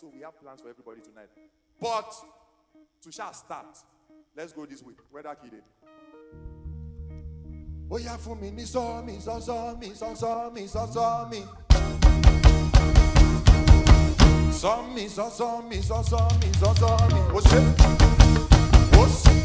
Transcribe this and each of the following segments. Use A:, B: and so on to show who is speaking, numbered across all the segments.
A: So we have plans for everybody tonight. But to shall start, let's go this way. Where that kid Ó yá fún mi me? sọ mi sọ saw mi sọ saw mi sọ saw mi. Sọ mi sọ saw mi sọ saw mi sọ saw mi. Ó ṣe. Ó ṣe.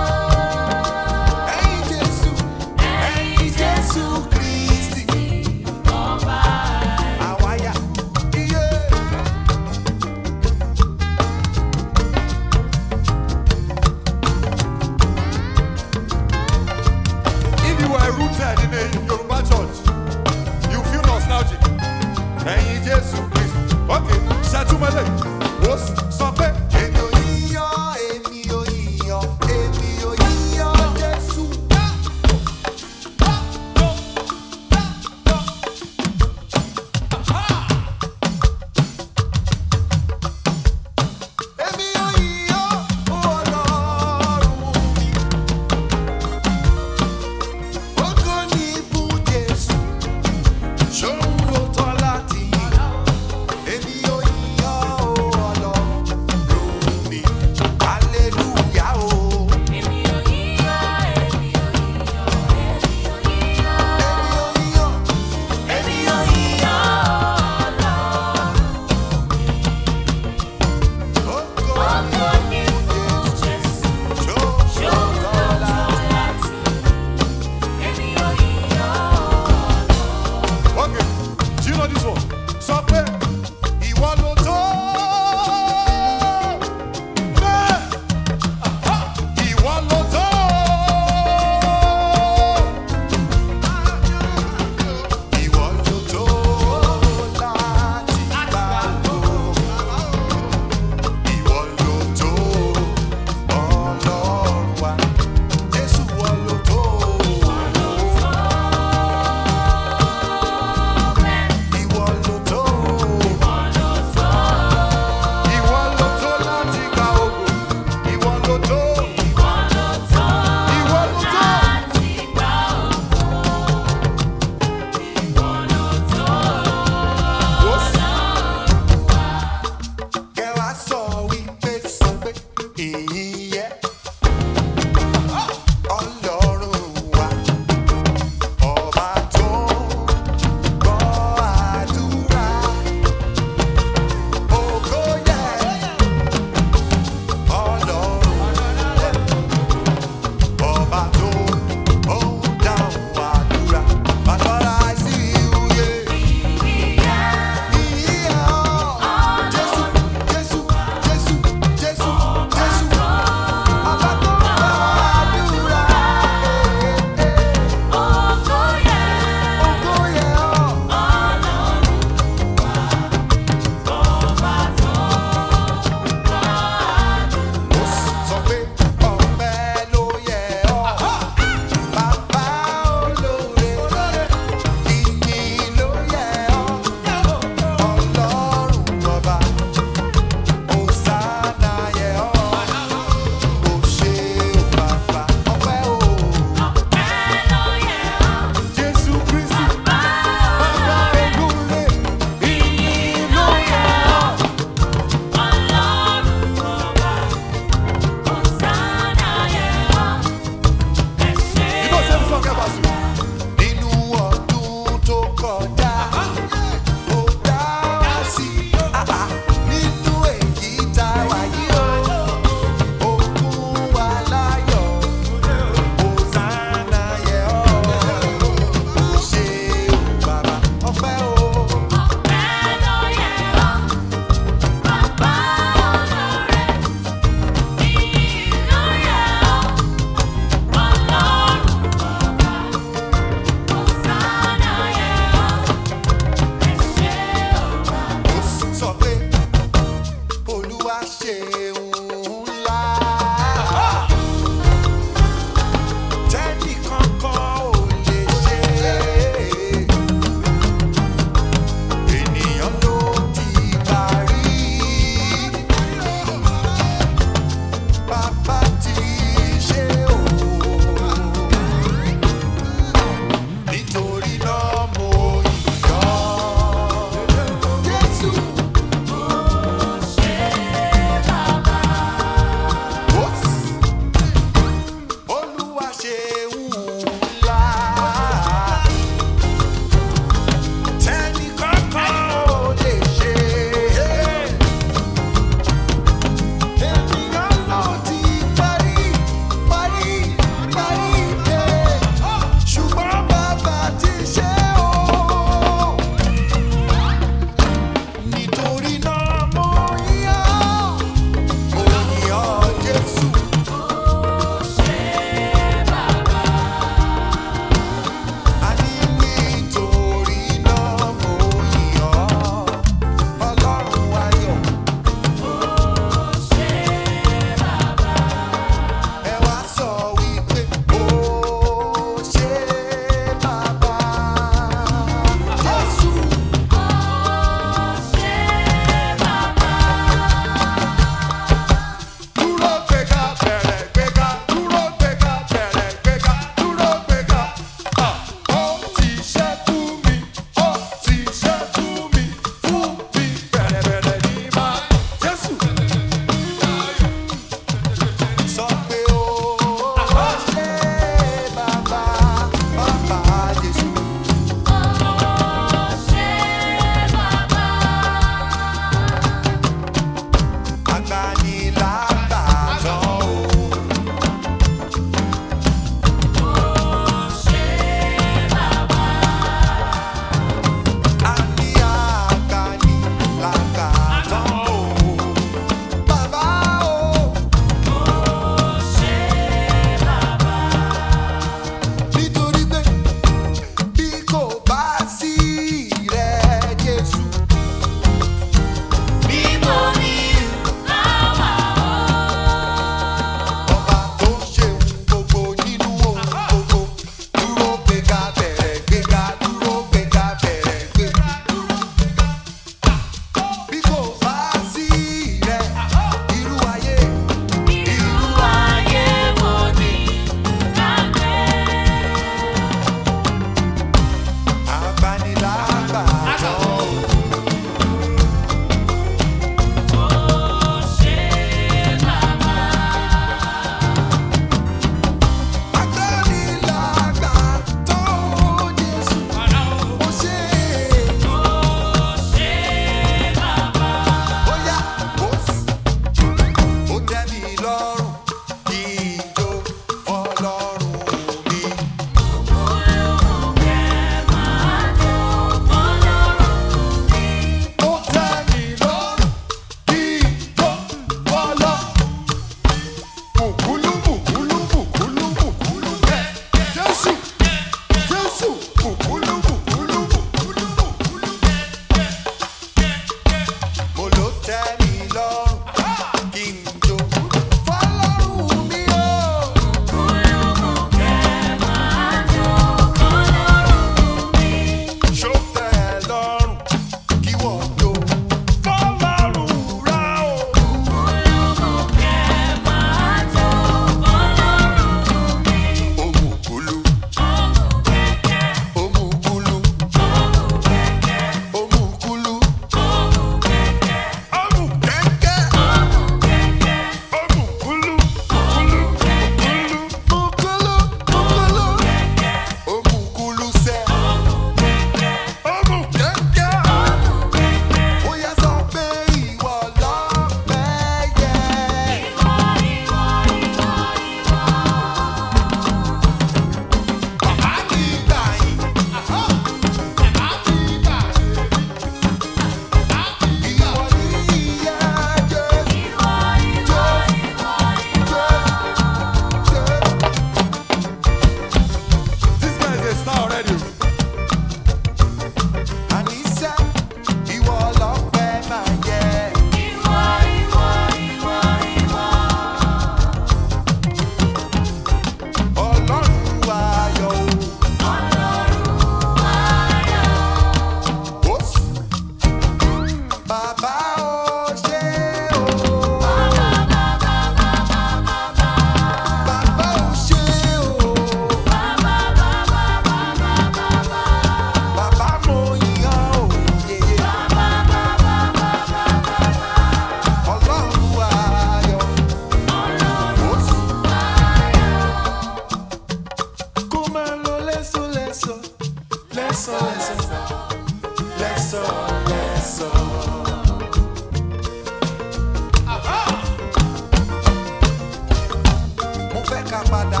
A: bad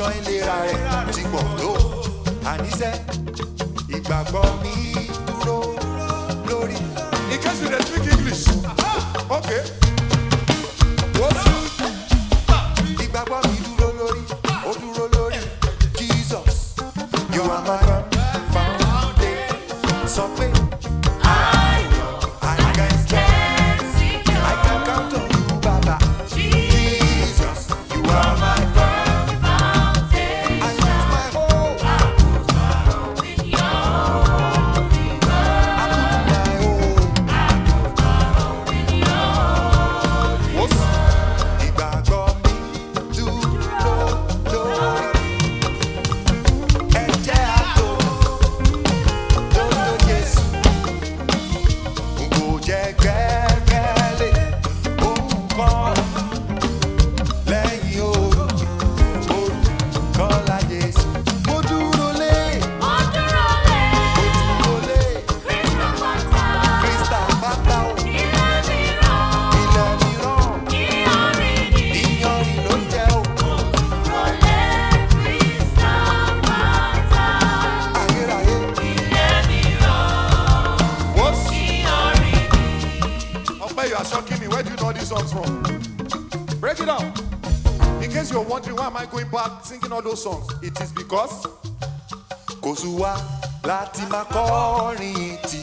A: iṣan ìlera rẹ̀ ti pọ̀ tó àníṣe ìgbàgbọ́ mi dúró lórí. in case you dey speak english okay. songs it is because kò sùn wá láti máa kọrin tì.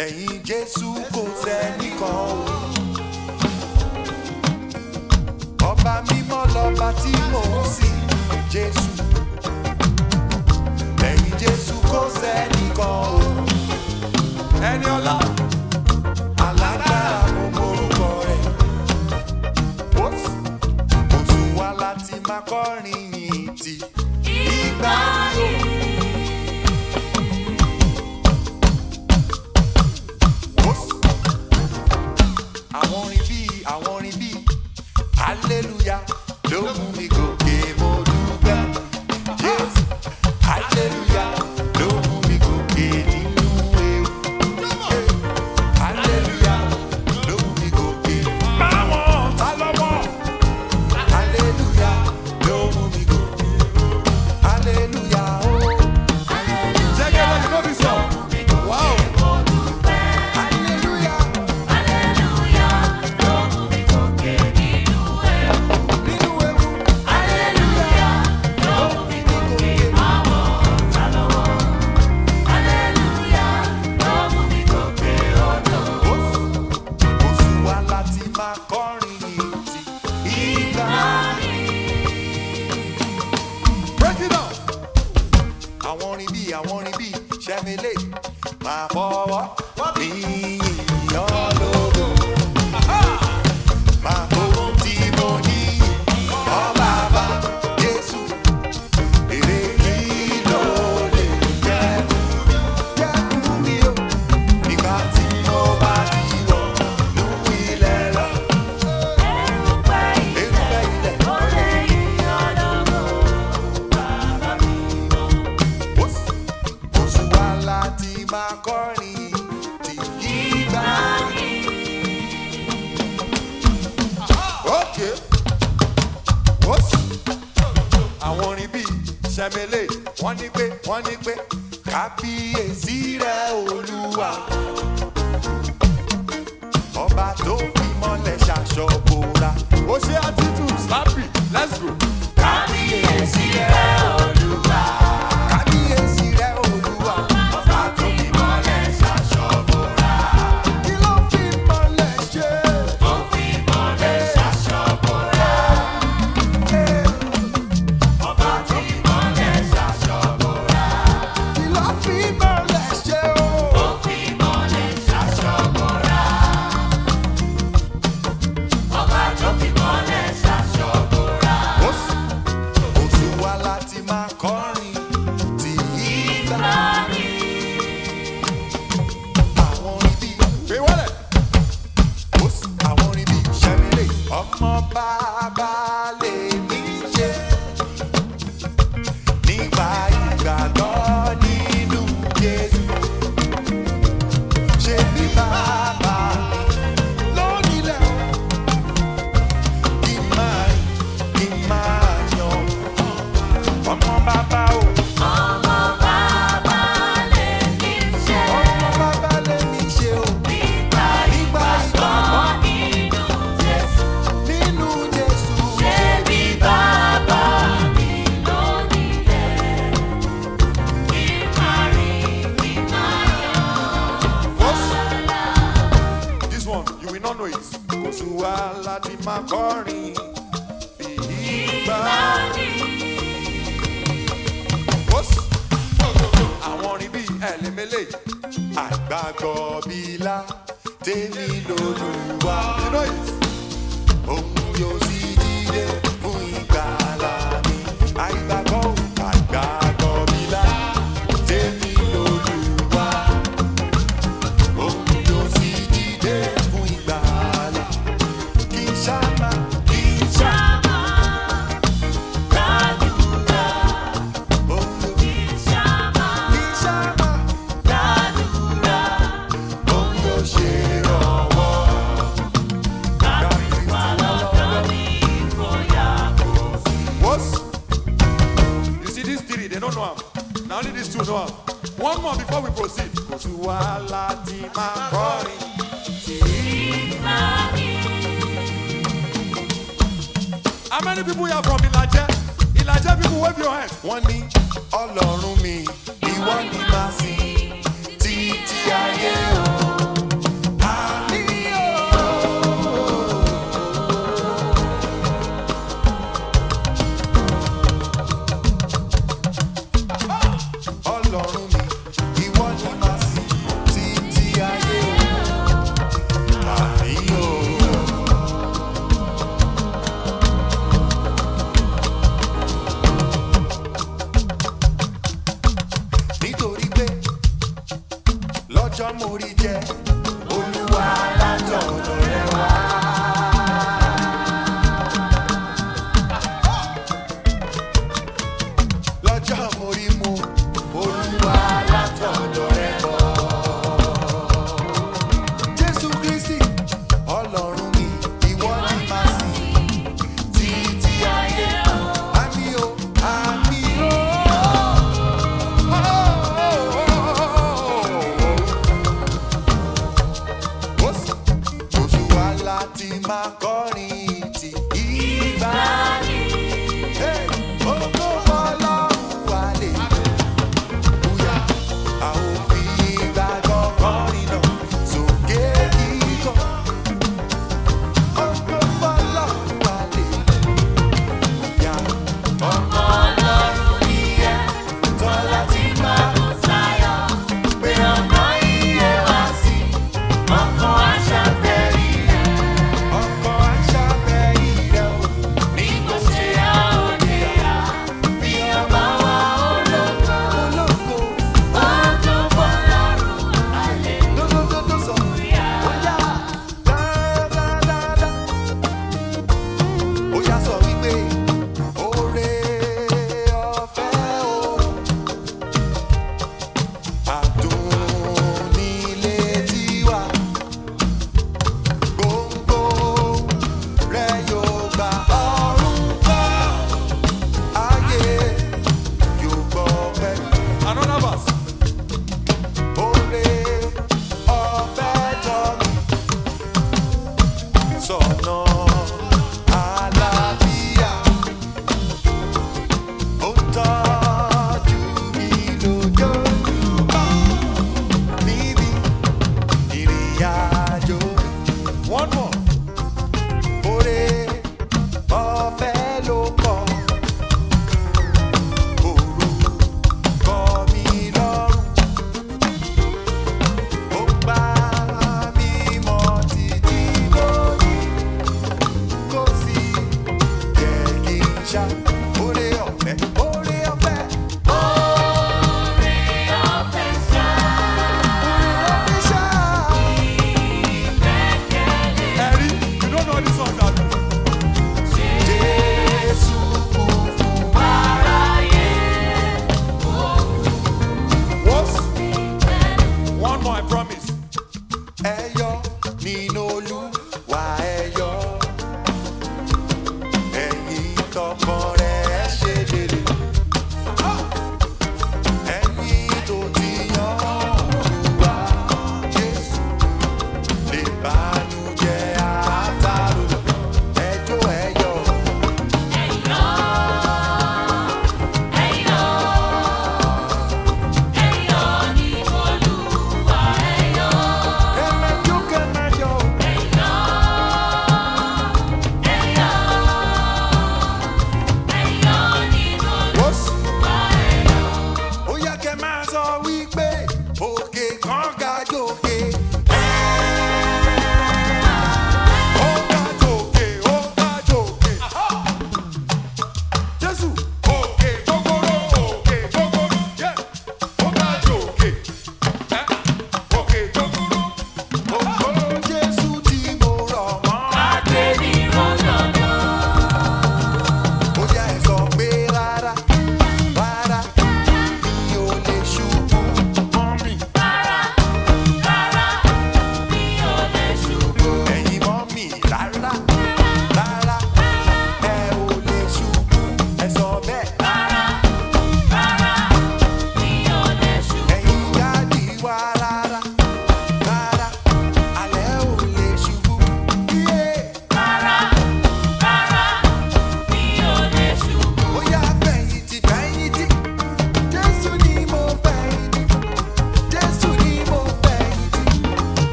A: lẹ́yìn Jésù kò sẹ́nìkan o. ọba mímọ́ lọ́ba tí mò ń sìn Jésù lẹ́yìn Jésù kò sẹ́nìkan o. ẹni ọlá alágbára mo morúkọ rẹ̀ wọ́n ní pé wọ́n ní pé kábíyèsí rẹ̀ olúwa ọba tó fi mọ́lẹ̀ ṣaṣọ bora ó ṣe attitude slappy let's go kábíyèsí rẹ̀ olúwa. Copa mele àgbàgbọ́ bílá tèmi lòlùwà. ohun yóò sọ. One knee.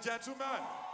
A: gentlemen.